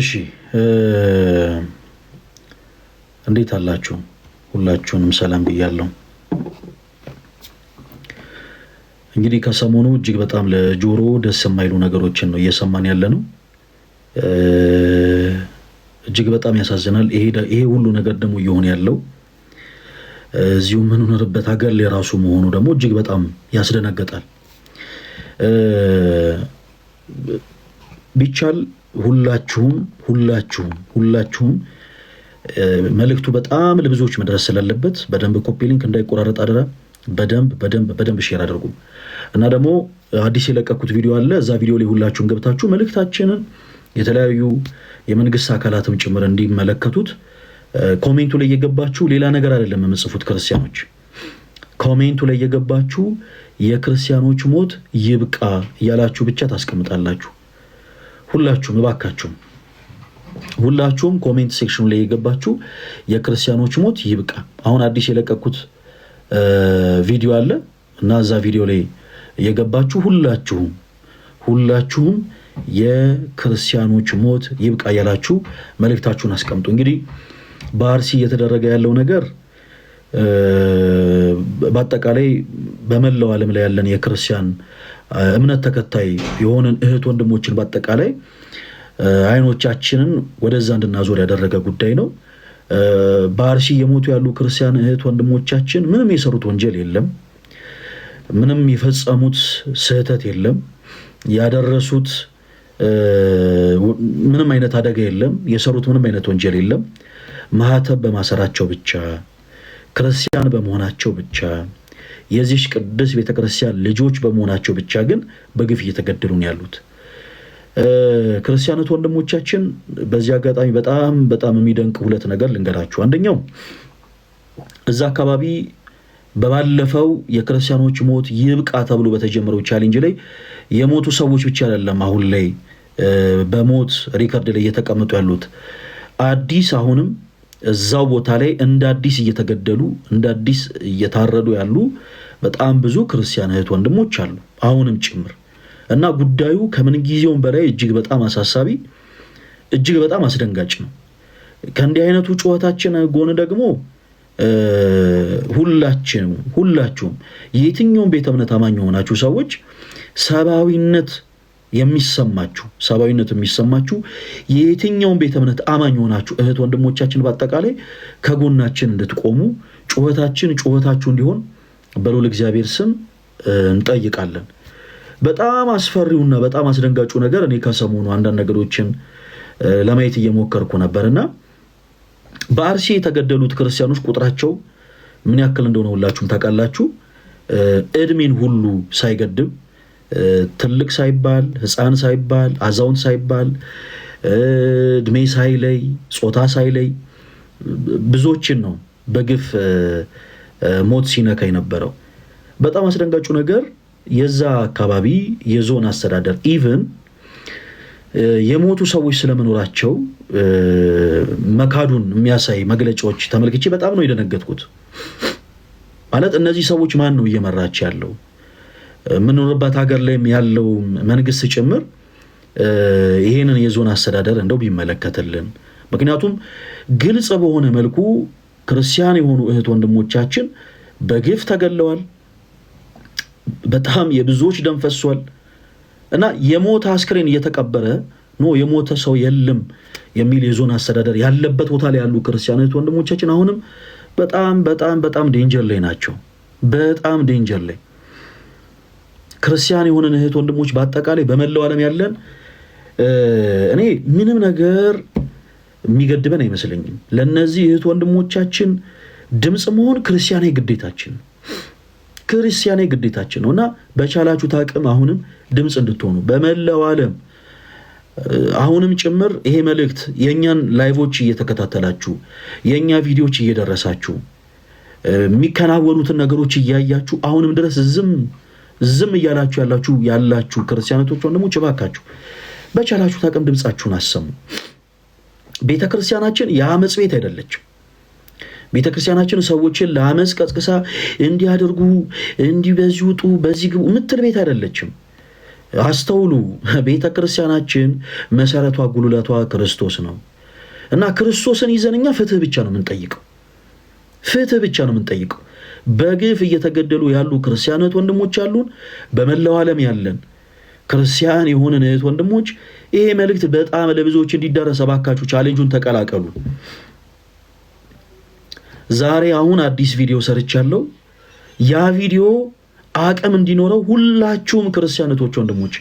እሺ እንዴት አላችሁ? ሁላችሁንም ሰላም ብያለሁ። እንግዲህ ከሰሞኑ እጅግ በጣም ለጆሮ ደስ የማይሉ ነገሮችን ነው እየሰማን ያለ ነው። እጅግ በጣም ያሳዝናል። ይሄ ሁሉ ነገር ደግሞ እየሆነ ያለው እዚሁ የምንኖርበት ሀገር ለራሱ መሆኑ ደግሞ እጅግ በጣም ያስደነግጣል። ቢቻል ሁላችሁም ሁላችሁም ሁላችሁም መልእክቱ በጣም ለብዙዎች መድረስ ስላለበት በደንብ ኮፒ ሊንክ እንዳይቆራረጥ አደራ። በደንብ በደንብ በደንብ ሼር አድርጉ እና ደግሞ አዲስ የለቀኩት ቪዲዮ አለ። እዛ ቪዲዮ ላይ ሁላችሁም ገብታችሁ መልእክታችንን የተለያዩ የመንግስት አካላትም ጭምር እንዲመለከቱት ኮሜንቱ ላይ የገባችሁ ሌላ ነገር አይደለም የምጽፉት ክርስቲያኖች ኮሜንቱ ላይ የገባችሁ የክርስቲያኖች ሞት ይብቃ እያላችሁ ብቻ ታስቀምጣላችሁ። ሁላችሁም እባካችሁም ሁላችሁም ኮሜንት ሴክሽኑ ላይ የገባችሁ የክርስቲያኖች ሞት ይብቃ። አሁን አዲስ የለቀኩት ቪዲዮ አለ እና እዛ ቪዲዮ ላይ የገባችሁ ሁላችሁም ሁላችሁም የክርስቲያኖች ሞት ይብቃ ያላችሁ መልእክታችሁን አስቀምጡ። እንግዲህ በአርሲ እየተደረገ ያለው ነገር በአጠቃላይ በመላው ዓለም ላይ ያለን የክርስቲያን እምነት ተከታይ የሆነን እህት ወንድሞችን በአጠቃላይ አይኖቻችንን ወደዛ እንድናዞር ያደረገ ጉዳይ ነው። በአርሲ የሞቱ ያሉ ክርስቲያን እህት ወንድሞቻችን ምንም የሰሩት ወንጀል የለም። ምንም የፈጸሙት ስህተት የለም። ያደረሱት ምንም አይነት አደጋ የለም። የሰሩት ምንም አይነት ወንጀል የለም። ማህተብ በማሰራቸው ብቻ ክርስቲያን በመሆናቸው ብቻ የዚች ቅዱስ ቤተክርስቲያን ልጆች በመሆናቸው ብቻ ግን በግፍ እየተገደሉ ነው ያሉት ክርስቲያኖት ወንድሞቻችን። በዚህ አጋጣሚ በጣም በጣም የሚደንቅ ሁለት ነገር ልንገራችሁ። አንደኛው እዛ አካባቢ በባለፈው የክርስቲያኖች ሞት ይብቃ ተብሎ በተጀመረው ቻሌንጅ ላይ የሞቱ ሰዎች ብቻ አይደለም አሁን ላይ በሞት ሪከርድ ላይ እየተቀመጡ ያሉት አዲስ አሁንም እዛው ቦታ ላይ እንደ አዲስ እየተገደሉ እንደ አዲስ እየታረዱ ያሉ በጣም ብዙ ክርስቲያን እህት ወንድሞች አሉ አሁንም ጭምር እና ጉዳዩ ከምንጊዜውም በላይ እጅግ በጣም አሳሳቢ፣ እጅግ በጣም አስደንጋጭ ነው። ከእንዲህ አይነቱ ጩኸታችን ጎን ደግሞ ሁላችንም ሁላችሁም የትኛውም ቤተ እምነት አማኝ የሆናችሁ ሰዎች ሰብአዊነት የሚሰማችሁ ሰብአዊነት የሚሰማችሁ የየትኛውን ቤተ እምነት አማኝ የሆናችሁ እህት ወንድሞቻችን በአጠቃላይ ከጎናችን እንድትቆሙ ጩኸታችን ጩኸታችሁ እንዲሆን በሎል እግዚአብሔር ስም እንጠይቃለን። በጣም አስፈሪውና በጣም አስደንጋጩ ነገር እኔ ከሰሞኑ አንዳንድ ነገሮችን ለማየት እየሞከርኩ ነበርና በአርሲ የተገደሉት ክርስቲያኖች ቁጥራቸው ምን ያክል እንደሆነ ሁላችሁም ታውቃላችሁ። እድሜን ሁሉ ሳይገድብ ትልቅ ሳይባል ህፃን ሳይባል አዛውንት ሳይባል እድሜ ሳይለይ ጾታ ሳይለይ ብዙዎችን ነው በግፍ ሞት ሲነካ የነበረው። በጣም አስደንጋጩ ነገር የዛ አካባቢ የዞን አስተዳደር ኢቭን የሞቱ ሰዎች ስለመኖራቸው መካዱን የሚያሳይ መግለጫዎች ተመልክቼ በጣም ነው የደነገጥኩት። ማለት እነዚህ ሰዎች ማን ነው እየመራች ያለው? የምንኖርበት ሀገር ላይም ያለው መንግስት ጭምር ይሄንን የዞን አስተዳደር እንደው ቢመለከትልን። ምክንያቱም ግልጽ በሆነ መልኩ ክርስቲያን የሆኑ እህት ወንድሞቻችን በግፍ ተገለዋል። በጣም የብዙዎች ደም ፈሷል እና የሞተ አስክሬን እየተቀበረ ኖ የሞተ ሰው የለም የሚል የዞን አስተዳደር ያለበት ቦታ ላይ ያሉ ክርስቲያን እህት ወንድሞቻችን አሁንም በጣም በጣም በጣም ዴንጀር ላይ ናቸው። በጣም ዴንጀር ላይ ክርስቲያን የሆነን እህት ወንድሞች በአጠቃላይ በመላው ዓለም ያለን እኔ ምንም ነገር የሚገድበን አይመስለኝም። ለእነዚህ እህት ወንድሞቻችን ድምፅ መሆን ክርስቲያናዊ ግዴታችን ክርስቲያናዊ ግዴታችን ነው እና በቻላችሁት አቅም አሁንም ድምፅ እንድትሆኑ በመላው ዓለም አሁንም ጭምር ይሄ መልእክት የእኛን ላይቮች እየተከታተላችሁ የእኛ ቪዲዮዎች እየደረሳችሁ የሚከናወኑትን ነገሮች እያያችሁ አሁንም ድረስ ዝም ዝም እያላችሁ ያላችሁ ያላችሁ ክርስቲያኖቶች ወንድሞች እባካችሁ በቻላችሁት አቅም ድምፃችሁን አሰሙ። ቤተ ክርስቲያናችን የአመፅ ቤት አይደለችም። ቤተ ክርስቲያናችን ሰዎችን ለአመፅ ቀስቅሳ እንዲያደርጉ እንዲህ በዚህ ውጡ በዚህ ግቡ ምትል ቤት አይደለችም። አስተውሉ። ቤተ ክርስቲያናችን መሰረቷ ጉልለቷ ክርስቶስ ነው እና ክርስቶስን ይዘን እኛ ፍትህ ብቻ ነው የምንጠይቀው። ፍትህ ብቻ ነው የምንጠይቀው። በግፍ እየተገደሉ ያሉ ክርስቲያን ወንድሞች አሉን። በመላው ዓለም ያለን ክርስቲያን የሆንን እህት ወንድሞች ይሄ መልእክት በጣም ለብዙዎች እንዲዳረስ እባካችሁ ቻሌንጁን ተቀላቀሉ። ዛሬ አሁን አዲስ ቪዲዮ ሰርቻለሁ። ያ ቪዲዮ አቅም እንዲኖረው ሁላችሁም ክርስቲያን ወንድሞች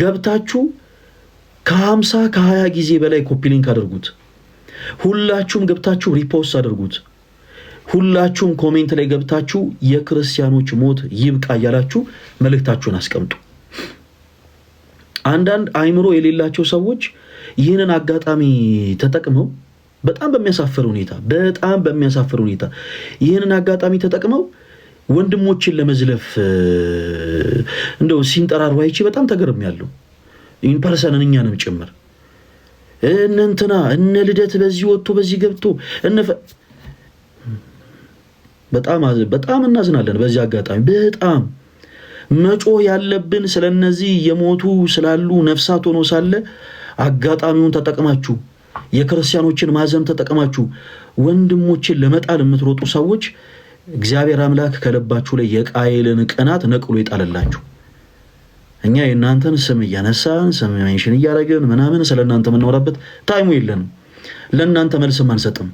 ገብታችሁ ከሀምሳ ከሀያ ጊዜ በላይ ኮፒሊንክ አድርጉት። ሁላችሁም ገብታችሁ ሪፖስት አድርጉት። ሁላችሁም ኮሜንት ላይ ገብታችሁ የክርስቲያኖች ሞት ይብቃ እያላችሁ መልእክታችሁን አስቀምጡ። አንዳንድ አይምሮ የሌላቸው ሰዎች ይህንን አጋጣሚ ተጠቅመው በጣም በሚያሳፍር ሁኔታ በጣም በሚያሳፍር ሁኔታ ይህንን አጋጣሚ ተጠቅመው ወንድሞችን ለመዝለፍ እንደው ሲንጠራሩ አይቼ በጣም ያለው ኢንፐርሰንን እኛንም ጭምር እነ እንትና እነ ልደት በዚህ ወጥቶ በዚህ ገብቶ በጣም በጣም እናዝናለን። በዚህ አጋጣሚ በጣም መጮህ ያለብን ስለነዚህ የሞቱ ስላሉ ነፍሳት ሆኖ ሳለ አጋጣሚውን ተጠቅማችሁ የክርስቲያኖችን ማዘን ተጠቅማችሁ ወንድሞችን ለመጣል የምትሮጡ ሰዎች እግዚአብሔር አምላክ ከልባችሁ ላይ የቃየልን ቅናት ነቅሎ ይጣልላችሁ። እኛ የእናንተን ስም እያነሳን ስም ሜንሽን እያደረግን ምናምን ስለ እናንተ የምናወራበት ታይሙ የለንም። ለእናንተ መልስም አንሰጥም።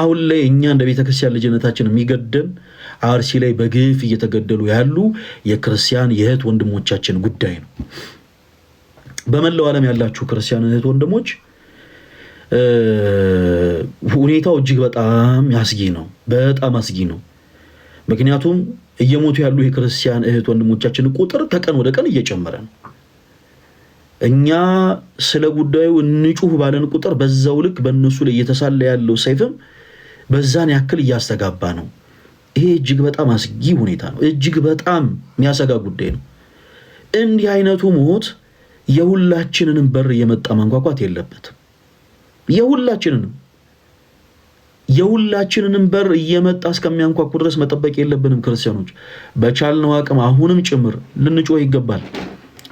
አሁን ላይ እኛ እንደ ቤተክርስቲያን ልጅነታችን የሚገደን አርሲ ላይ በግፍ እየተገደሉ ያሉ የክርስቲያን የእህት ወንድሞቻችን ጉዳይ ነው። በመላው ዓለም ያላችሁ ክርስቲያን እህት ወንድሞች ሁኔታው እጅግ በጣም አስጊ ነው። በጣም አስጊ ነው። ምክንያቱም እየሞቱ ያሉ የክርስቲያን እህት ወንድሞቻችን ቁጥር ከቀን ወደ ቀን እየጨመረ ነው። እኛ ስለ ጉዳዩ እንጩህ ባለን ቁጥር በዛው ልክ በእነሱ ላይ እየተሳለ ያለው ሰይፍም በዛን ያክል እያስተጋባ ነው። ይሄ እጅግ በጣም አስጊ ሁኔታ ነው። እጅግ በጣም የሚያሰጋ ጉዳይ ነው። እንዲህ አይነቱ ሞት የሁላችንንም በር እየመጣ ማንኳኳት የለበትም። የሁላችንንም የሁላችንንም በር እየመጣ እስከሚያንኳኩ ድረስ መጠበቅ የለብንም። ክርስቲያኖች በቻልነው አቅም አሁንም ጭምር ልንጮህ ይገባል።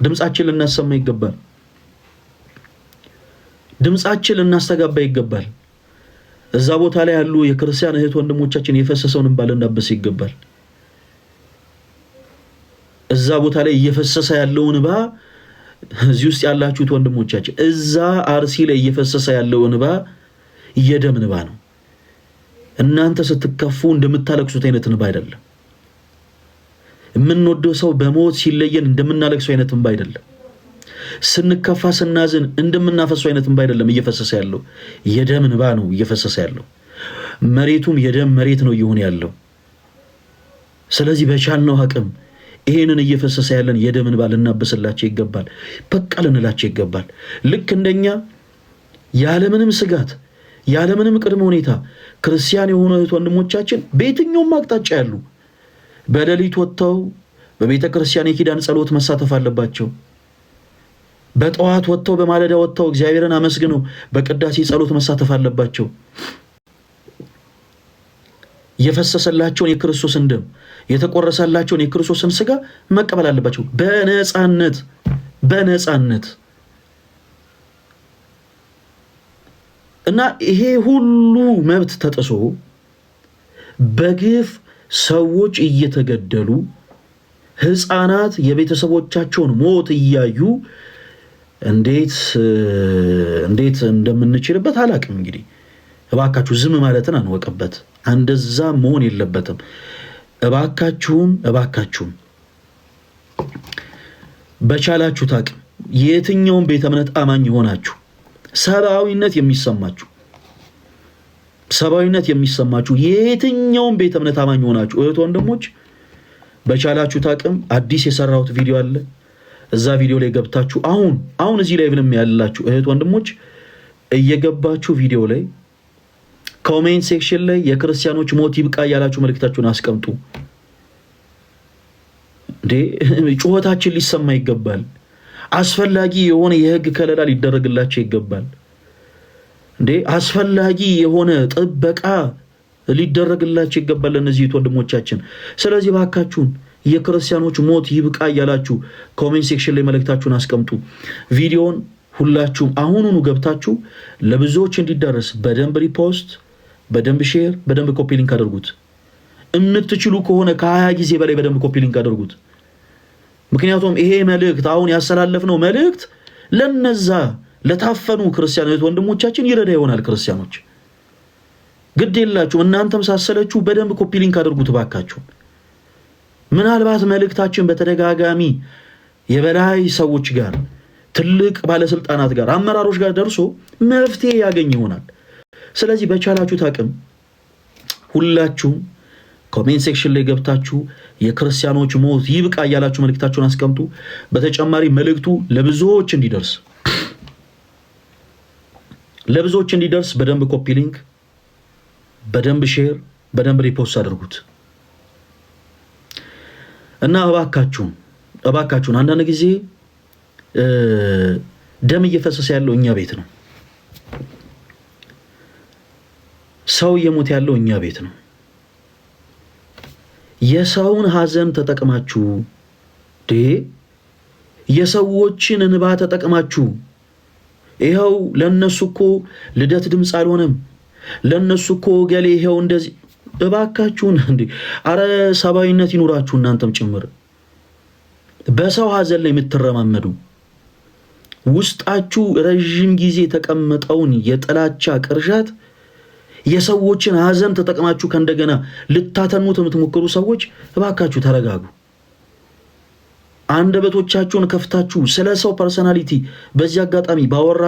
ድምፃችን ልናሰማ ይገባል። ድምፃችን ልናስተጋባ ይገባል። እዛ ቦታ ላይ ያሉ የክርስቲያን እህት ወንድሞቻችን የፈሰሰውን እንባ ልናበስ ይገባል። እዛ ቦታ ላይ እየፈሰሰ ያለውን እባ እዚህ ውስጥ ያላችሁት ወንድሞቻችን እዛ አርሲ ላይ እየፈሰሰ ያለው እባ የደም እንባ ነው። እናንተ ስትከፉ እንደምታለቅሱት አይነት እንባ አይደለም። የምንወደው ሰው በሞት ሲለየን እንደምናለቅሰው አይነት እንባ አይደለም። ስንከፋ ስናዝን እንደምናፈሰው አይነት እንባ አይደለም እየፈሰሰ ያለው የደም እንባ ነው እየፈሰሰ ያለው። መሬቱም የደም መሬት ነው እየሆነ ያለው። ስለዚህ በቻልነው አቅም ይሄንን እየፈሰሰ ያለን የደም እንባ ልናበስላቸው ይገባል። በቃ ልንላቸው ይገባል። ልክ እንደኛ ያለምንም ስጋት ያለምንም ቅድመ ሁኔታ ክርስቲያን የሆኑ እህት ወንድሞቻችን በየትኛውም አቅጣጫ ያሉ በሌሊት ወጥተው በቤተ ክርስቲያን የኪዳን ጸሎት መሳተፍ አለባቸው። በጠዋት ወጥተው በማለዳ ወጥተው እግዚአብሔርን አመስግነው በቅዳሴ ጸሎት መሳተፍ አለባቸው። የፈሰሰላቸውን የክርስቶስን ደም የተቆረሰላቸውን የክርስቶስን ስጋ መቀበል አለባቸው። በነፃነት በነፃነት እና ይሄ ሁሉ መብት ተጥሶ በግፍ ሰዎች እየተገደሉ ህፃናት የቤተሰቦቻቸውን ሞት እያዩ እንዴት እንዴት እንደምንችልበት አላቅም። እንግዲህ እባካችሁ ዝም ማለትን አንወቅበት። እንደዛ መሆን የለበትም። እባካችሁም እባካችሁም በቻላችሁት አቅም የትኛውን ቤተ እምነት አማኝ የሆናችሁ ሰብአዊነት የሚሰማችሁ ሰብአዊነት የሚሰማችሁ የየትኛውም ቤተ እምነት አማኝ ሆናችሁ እህት ወንድሞች፣ በቻላችሁት አቅም አዲስ የሰራሁት ቪዲዮ አለ። እዛ ቪዲዮ ላይ ገብታችሁ አሁን አሁን እዚህ ላይ ምንም ያላችሁ እህት ወንድሞች እየገባችሁ ቪዲዮ ላይ ኮሜንት ሴክሽን ላይ የክርስቲያኖች ሞት ይብቃ እያላችሁ መልእክታችሁን አስቀምጡ። እንዴ ጩኸታችን ሊሰማ ይገባል። አስፈላጊ የሆነ የህግ ከለላ ሊደረግላቸው ይገባል። እንዴ አስፈላጊ የሆነ ጥበቃ ሊደረግላቸው ይገባል እነዚህ ወንድሞቻችን። ስለዚህ ባካችሁን የክርስቲያኖች ሞት ይብቃ እያላችሁ ኮሜንት ሴክሽን ላይ መልእክታችሁን አስቀምጡ። ቪዲዮን ሁላችሁም አሁኑኑ ገብታችሁ ለብዙዎች እንዲደረስ በደንብ ሪፖስት፣ በደንብ ሼር፣ በደንብ ኮፒ ሊንክ አድርጉት። የምትችሉ ከሆነ ከሀያ ጊዜ በላይ በደንብ ኮፒ ሊንክ አድርጉት። ምክንያቱም ይሄ መልእክት አሁን ያስተላለፍነው መልእክት ለነዛ ለታፈኑ ክርስቲያኖች ወንድሞቻችን ይረዳ ይሆናል። ክርስቲያኖች ግድ የላችሁ እናንተም ሳሰለችሁ በደንብ ኮፒሊንክ አድርጉት ባካችሁ። ምናልባት መልእክታችን በተደጋጋሚ የበላይ ሰዎች ጋር፣ ትልቅ ባለስልጣናት ጋር፣ አመራሮች ጋር ደርሶ መፍትሄ ያገኝ ይሆናል። ስለዚህ በቻላችሁት አቅም ሁላችሁም ኮሜንት ሴክሽን ላይ ገብታችሁ የክርስቲያኖች ሞት ይብቃ እያላችሁ መልእክታችሁን አስቀምጡ። በተጨማሪ መልእክቱ ለብዙዎች እንዲደርስ ለብዙዎች እንዲደርስ በደንብ ኮፒ ሊንክ፣ በደንብ ሼር፣ በደንብ ሪፖስት አድርጉት እና እባካችሁን እባካችሁን አንዳንድ ጊዜ ደም እየፈሰሰ ያለው እኛ ቤት ነው። ሰው እየሞት ያለው እኛ ቤት ነው። የሰውን ሐዘን ተጠቅማችሁ ዴ የሰዎችን እንባ ተጠቅማችሁ ይኸው ለእነሱ እኮ ልደት ድምፅ አልሆነም፣ ለእነሱ እኮ ገሌ ይኸው እንደዚህ። እባካችሁን እንዴ! አረ ሰብአዊነት ይኑራችሁ እናንተም ጭምር በሰው ሀዘን ላይ የምትረማመዱ ውስጣችሁ ረዥም ጊዜ የተቀመጠውን የጥላቻ ቅርሻት የሰዎችን ሀዘን ተጠቅማችሁ ከእንደገና ልታተኑት የምትሞክሩ ሰዎች እባካችሁ ተረጋጉ። አንደበቶቻችሁን ከፍታችሁ ስለ ሰው ፐርሰናሊቲ በዚህ አጋጣሚ ባወራ